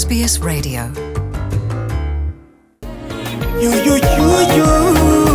SBS Radio. You, you, you,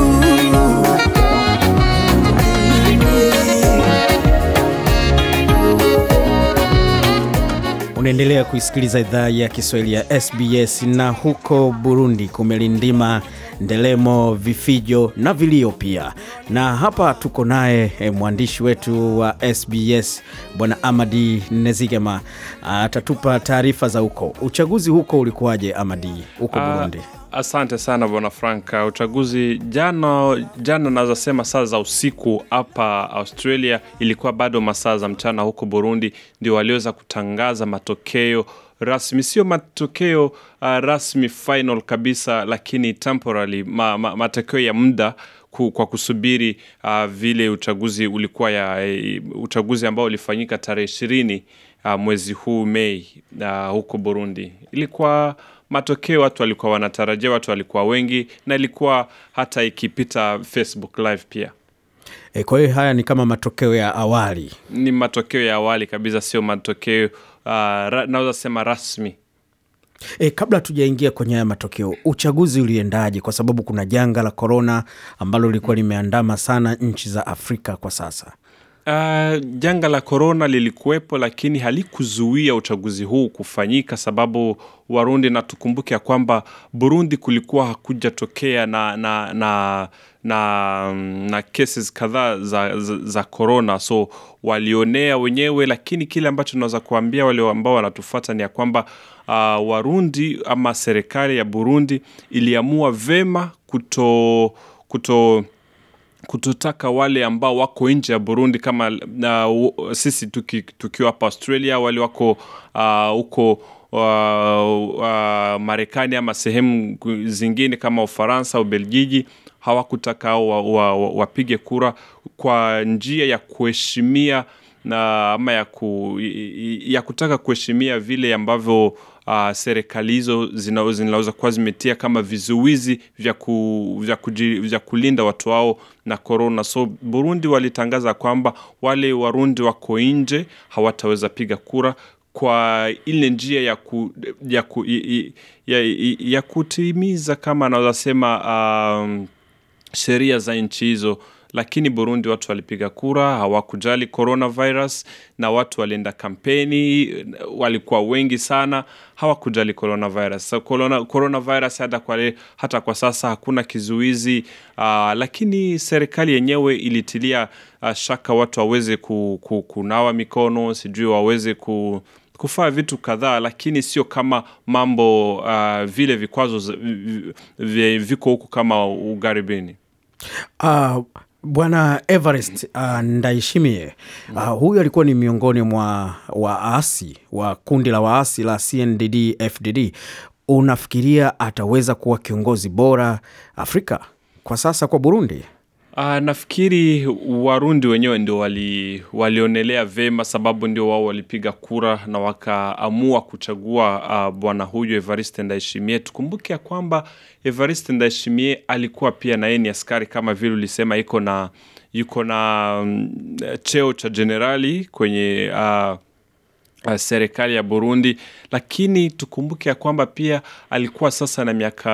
Unaendelea kuisikiliza idhaa ya Kiswahili ya SBS. Na huko Burundi kumelindima ndelemo, vifijo na vilio pia, na hapa tuko naye eh, mwandishi wetu wa SBS Bwana Amadi Nezigema ah, atatupa taarifa za huko. Uchaguzi huko ulikuwaje, Amadi, huko ah, Burundi? Uh... Asante sana bwana Franka. Uh, uchaguzi jana jana, naweza sema saa za usiku hapa Australia, ilikuwa bado masaa za mchana huko Burundi, ndio waliweza kutangaza matokeo rasmi, sio matokeo uh, rasmi final kabisa, lakini ma, ma, matokeo ya muda kwa kusubiri uh, vile uchaguzi ulikuwa ya uh, uchaguzi ambao ulifanyika tarehe ishirini uh, mwezi huu Mei uh, huko Burundi ilikuwa matokeo watu walikuwa wanatarajia, watu walikuwa wengi, na ilikuwa hata ikipita Facebook Live pia. E, kwa hiyo haya ni kama matokeo ya awali, ni matokeo ya awali kabisa, sio matokeo uh, naweza sema rasmi. E, kabla tujaingia kwenye haya matokeo, uchaguzi uliendaje? Kwa sababu kuna janga la korona ambalo lilikuwa limeandama sana nchi za Afrika kwa sasa. Uh, janga la korona lilikuwepo, lakini halikuzuia uchaguzi huu kufanyika, sababu Warundi, na tukumbuke ya kwamba Burundi kulikuwa hakujatokea na, na, na, na, na cases kadhaa za korona, so walionea wenyewe, lakini kile ambacho tunaweza kuambia wale ambao wanatufata ni ya kwamba uh, Warundi ama serikali ya Burundi iliamua vema kuto, kuto kutotaka wale ambao wako nje ya Burundi kama uh, sisi tuki, tukiwa hapa Australia, wale wako ah, huko uh, uh, uh, Marekani ama sehemu zingine kama Ufaransa, Ubelgiji hawakutaka wapige wa, wa, wa kura kwa njia ya kuheshimia na ama ya, ku, ya kutaka kuheshimia vile ambavyo uh, serikali hizo zinaweza kuwa zimetia kama vizuizi vya, ku, vya, kuji, vya kulinda watu wao na korona. So Burundi walitangaza kwamba wale Warundi wako nje hawataweza piga kura kwa ile njia ya, ku, ya, ku, ya, ya, ya kutimiza kama anaweza sema um, sheria za nchi hizo lakini Burundi watu walipiga kura, hawakujali coronavirus, na watu walienda kampeni, walikuwa wengi sana, hawakujali coronavirus. So, corona, coronavirus hata kwa, le, hata kwa sasa hakuna kizuizi uh, lakini serikali yenyewe ilitilia uh, shaka watu waweze ku, ku, kunawa mikono, sijui waweze ku kufaa vitu kadhaa, lakini sio kama mambo uh, vile vikwazo viko huku kama ugaribini. Uh, Bwana Evarist uh, Ndaishimie uh, huyu alikuwa ni miongoni mwa waasi wa kundi la waasi la CNDD FDD. Unafikiria ataweza kuwa kiongozi bora Afrika kwa sasa kwa Burundi? Ah, nafikiri warundi wenyewe ndio walionelea vema sababu ndio wao walipiga kura na wakaamua kuchagua ah, bwana huyu Evariste Ndayishimiye. Tukumbuke ya kwamba Evariste Ndayishimiye alikuwa pia na yeye ni askari kama vile ulisema iko na yuko na mm, cheo cha generali kwenye ah, serikali ya Burundi, lakini tukumbuke ya kwamba pia alikuwa sasa na miaka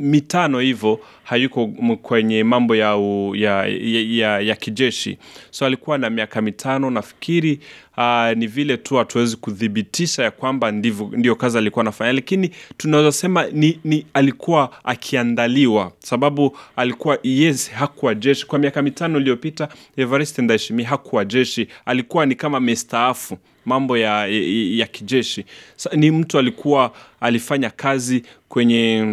mitano hivyo hayuko kwenye mambo ya, u, ya, ya, ya, ya kijeshi so alikuwa na miaka mitano nafikiri uh, ni vile tu hatuwezi kuthibitisha ya kwamba ndivu, ndio kazi alikuwa anafanya lakini tunaweza sema ni, ni alikuwa akiandaliwa sababu alikuwa yes hakuwa jeshi kwa miaka mitano iliyopita evarist ndaishimi hakuwa jeshi alikuwa ni kama mestaafu mambo ya, ya, ya kijeshi Sa, ni mtu alikuwa alifanya kazi kwenye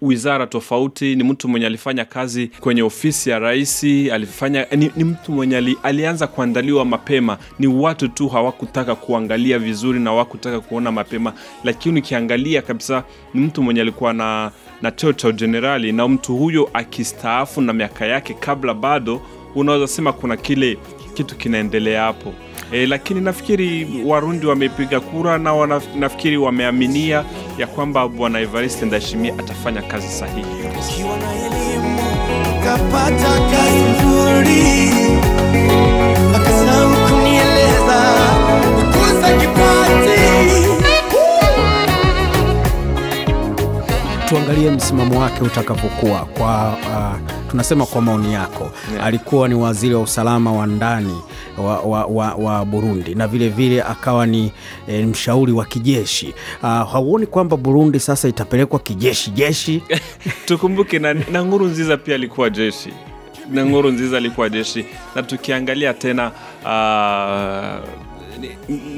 wizara tofauti, ni mtu mwenye alifanya kazi kwenye ofisi ya rais, alifanya ni, ni mtu mwenye ali, alianza kuandaliwa mapema. Ni watu tu hawakutaka kuangalia vizuri na hawakutaka kuona mapema, lakini ukiangalia kabisa ni mtu mwenye alikuwa na na cheo cha ujenerali, na mtu huyo akistaafu na miaka yake kabla bado, unaweza sema kuna kile kitu kinaendelea hapo e, lakini nafikiri Warundi wamepiga kura na wana, nafikiri wameaminia ya kwamba Bwana Evariste Ndayishimiye atafanya kazi sahihi Tuangalie msimamo wake utakapokuwa kwa uh, tunasema kwa maoni yako yeah. Alikuwa ni waziri wa usalama wa ndani wa, wa, wa, wa Burundi na vilevile vile akawa ni e, mshauri wa kijeshi uh, hauoni kwamba Burundi sasa itapelekwa kijeshi jeshi? Tukumbuke na, na nziza pia alikuwa jeshi na nziza alikuwa jeshi na tukiangalia tena uh,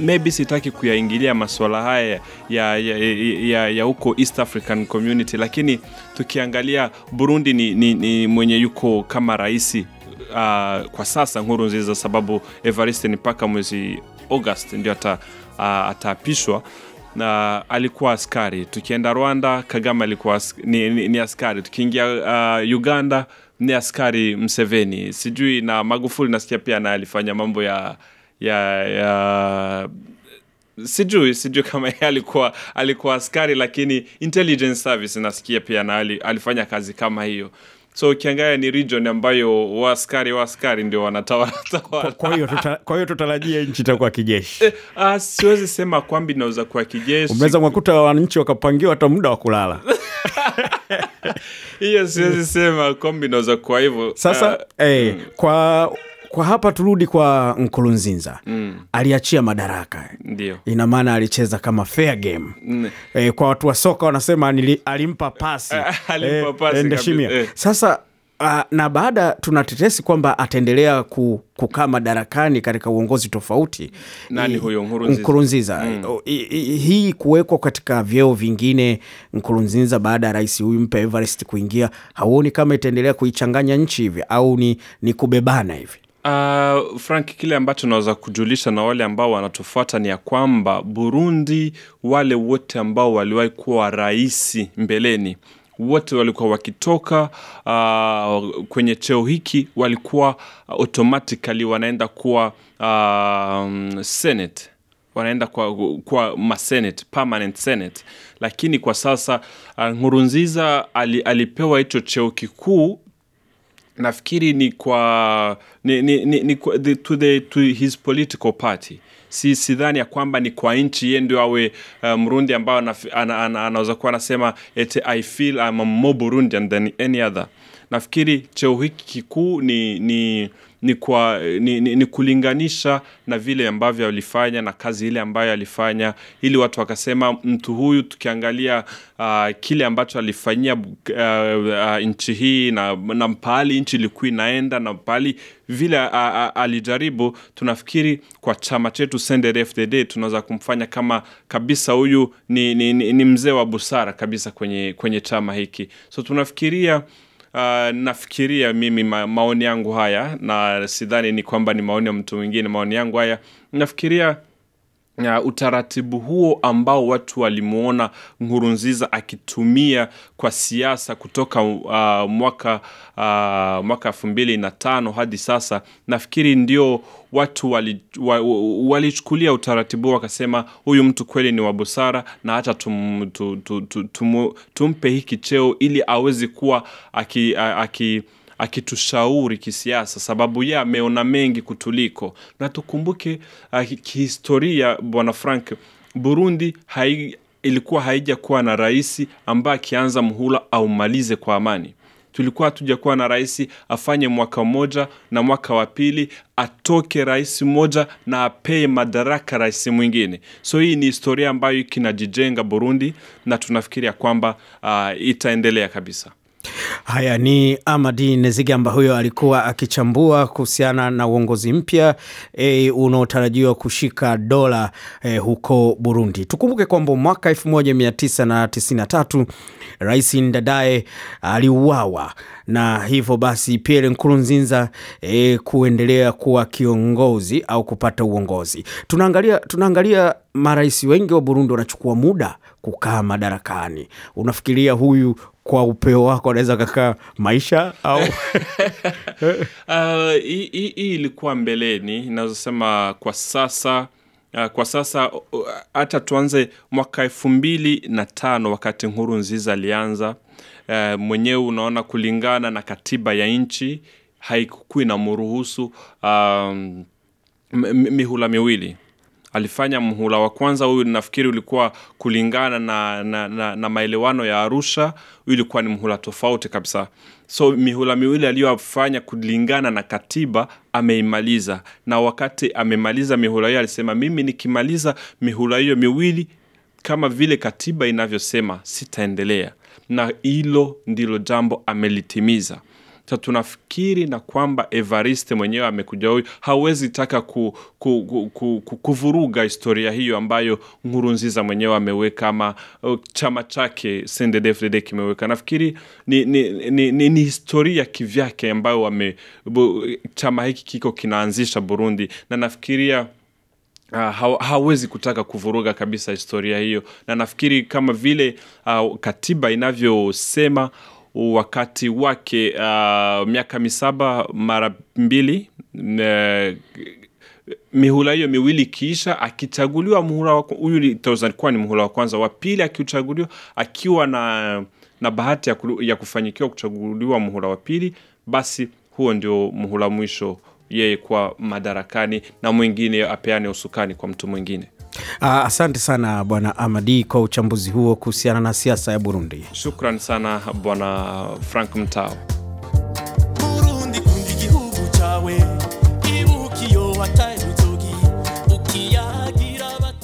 maybe sitaki kuyaingilia masuala haya ya, ya, ya, ya huko east african community lakini tukiangalia burundi ni, ni, ni mwenye yuko kama rahisi uh, kwa sasa nguru nziza sababu evariste ni mpaka mwezi august ndio ata, uh, ataapishwa na alikuwa askari tukienda rwanda kagame alikuwa ni, ni, ni askari tukiingia uh, uganda ni askari mseveni sijui na magufuli nasikia pia naye alifanya mambo ya ya ya sijui sijui kama yeye alikuwa alikuwa askari lakini intelligence service nasikia pia na ali, alifanya kazi kama hiyo so ukiangalia ni region ambayo waaskari waaskari ndio wanatawaratawara kwa hiyo tutarajia nchi itakuwa kijeshi eh, uh, siwezi sema kwamba inaweza kuwa kijeshi unaweza mwakuta wananchi wakapangiwa hata muda wa kulala hiyo siwezi sema kwamba inaweza kuwa hivyo sasa uh, ah, hey, eh, mm. kwa kwa hapa turudi kwa Nkurunziza mm. aliachia madaraka, ina maana alicheza kama fair game mm. E, kwa watu wa soka wanasema nili, alimpa pasi, alimpa e, pasi e, Ndashimia eh. Sasa a, na baada tunatetesi kwamba ataendelea ku, kukaa madarakani katika uongozi tofauti. Nani huyo Nkurunziza? mm. hii kuwekwa katika vyeo vingine Nkurunziza baada ya rais huyu mpya kuingia, hauoni kama itaendelea kuichanganya nchi hivi au ni, ni kubebana hivi? Uh, Frank, kile ambacho naweza kujulisha na wale ambao wanatufuata ni ya kwamba Burundi, wale wote ambao waliwahi kuwa raisi mbeleni wote walikuwa wakitoka uh, kwenye cheo hiki walikuwa automatically wanaenda kuwa uh, senate wanaenda kwa, kwa masenate permanent senate, lakini kwa sasa uh, Nkurunziza ali, alipewa hicho cheo kikuu nafikiri ni kwa ni, ni, ni, ni, the, to, the, to his political party si sidhani ya kwamba ni kwa nchi ye ndio awe uh, mrundi ambayo anaweza ana, ana, ana kuwa anasema ete i feel I'm more burundian than any other nafikiri cheo hiki kikuu ni, ni ni, kwa, ni, ni, ni kulinganisha na vile ambavyo alifanya na kazi ile ambayo alifanya, ili watu wakasema mtu huyu, tukiangalia uh, kile ambacho alifanyia uh, uh, nchi hii na, na mpahali nchi ilikuwa inaenda na mpahali vile a, a, alijaribu, tunafikiri kwa chama chetu CNDD-FDD tunaweza kumfanya kama kabisa huyu ni, ni, ni, ni mzee wa busara kabisa kwenye, kwenye chama hiki, so tunafikiria uh, nafikiria mimi ma, maoni yangu haya na sidhani ni kwamba ni maoni ya mtu mwingine maoni yangu haya nafikiria Uh, utaratibu huo ambao watu walimwona Nkurunziza akitumia kwa siasa kutoka uh, mwaka uh, mwaka elfu mbili na tano hadi sasa, nafikiri ndio watu walichukulia wali utaratibu wakasema, huyu mtu kweli ni wa busara na hata tum, tum, tum, tum, tumpe hiki cheo ili awezi kuwa aki, aki akitushauri kisiasa, sababu ye ameona mengi kutuliko, na tukumbuke ah, kihistoria, bwana Frank, Burundi hai, ilikuwa kuwa na rais ambaye akianza mhula aumalize kwa amani tulikuwa hatuja kuwa na rais afanye mwaka mmoja na mwaka wa pili atoke rais mmoja na apee madaraka rais mwingine. So hii ni historia ambayo kinajijenga Burundi, na tunafikiria kwamba uh, itaendelea kabisa. Haya ni Amadi Nezigamba, huyo alikuwa akichambua kuhusiana na uongozi mpya e, unaotarajiwa kushika dola e, huko Burundi. Tukumbuke kwamba mwaka 1993 Rais Ndadaye aliuawa na hivyo basi Pierre Nkurunziza e, kuendelea kuwa kiongozi au kupata uongozi. Tunaangalia, tunaangalia marais wengi wa Burundi wanachukua muda kukaa madarakani. Unafikiria huyu kwa upeo wako anaweza kakaa maisha au hii uh, ilikuwa mbeleni inazosema kwa sasa uh, kwa sasa uh, hata uh, tuanze mwaka elfu mbili na tano wakati nguru Nziza alianza uh, mwenyewe unaona kulingana na katiba ya nchi haikukui na mruhusu um, mihula miwili alifanya mhula wa kwanza huyu nafikiri ulikuwa kulingana na, na, na, na maelewano ya arusha huyu ilikuwa ni mhula tofauti kabisa so mihula miwili aliyofanya kulingana na katiba ameimaliza na wakati amemaliza mihula hiyo alisema mimi nikimaliza mihula hiyo miwili kama vile katiba inavyosema sitaendelea na hilo ndilo jambo amelitimiza sa tunafikiri na kwamba evariste mwenyewe amekuja huyu hawezi taka ku, ku, ku, ku, ku, kuvuruga historia hiyo ambayo Nkurunziza mwenyewe ameweka ama uh, chama chake sendedefdede kimeweka nafikiri ni, ni, ni, ni, ni historia kivyake ambayo wame, bu, chama hiki kiko kinaanzisha burundi na nafikiria Uh, hawezi kutaka kuvuruga kabisa historia hiyo na nafikiri kama vile uh, katiba inavyosema wakati wake uh, miaka misaba mara mbili ne, mihula hiyo miwili ikiisha, akichaguliwa muhula huyu itakuwa ni muhula wa kwanza. Wa pili akichaguliwa, akiwa na, na bahati ya, ya kufanyikiwa kuchaguliwa muhula wa pili, basi huo ndio muhula mwisho yeye kwa madarakani, na mwingine apeane usukani kwa mtu mwingine. Ah, asante sana Bwana Amadi kwa uchambuzi huo kuhusiana na siasa ya Burundi. Shukran sana Bwana Frank Mtao.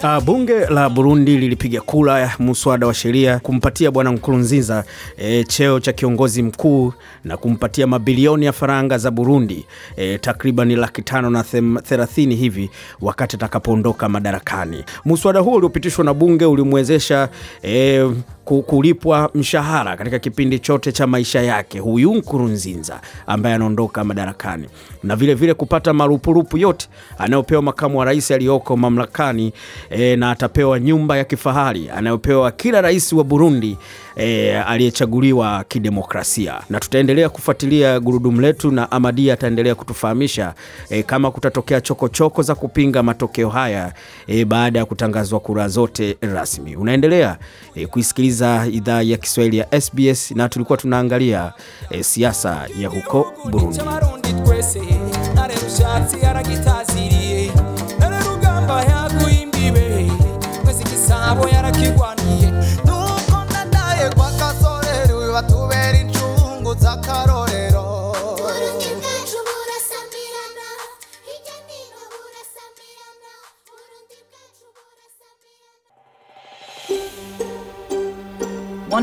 Uh, bunge la Burundi lilipiga kura muswada wa sheria kumpatia Bwana Nkurunziza e, cheo cha kiongozi mkuu na kumpatia mabilioni ya faranga za Burundi e, takriban laki tano na thelathini hivi wakati atakapoondoka madarakani. Muswada huo uliopitishwa na bunge ulimwezesha e, kulipwa mshahara katika kipindi chote cha maisha yake huyu Nkurunziza ambaye anaondoka madarakani, na vilevile vile kupata marupurupu yote anayopewa makamu wa rais aliyoko mamlakani e, na atapewa nyumba ya kifahari anayopewa kila rais wa Burundi e, aliyechaguliwa kidemokrasia, na tutaendelea kufuatilia gurudumu letu, na Amadi ataendelea kutufahamisha e, kama kutatokea chokochoko choko za kupinga matokeo haya e, baada ya kutangazwa kura zote rasmi. Unaendelea e, kuisikiliza idhaa ya Kiswahili ya SBS na tulikuwa tunaangalia e, siasa ya huko Burundi.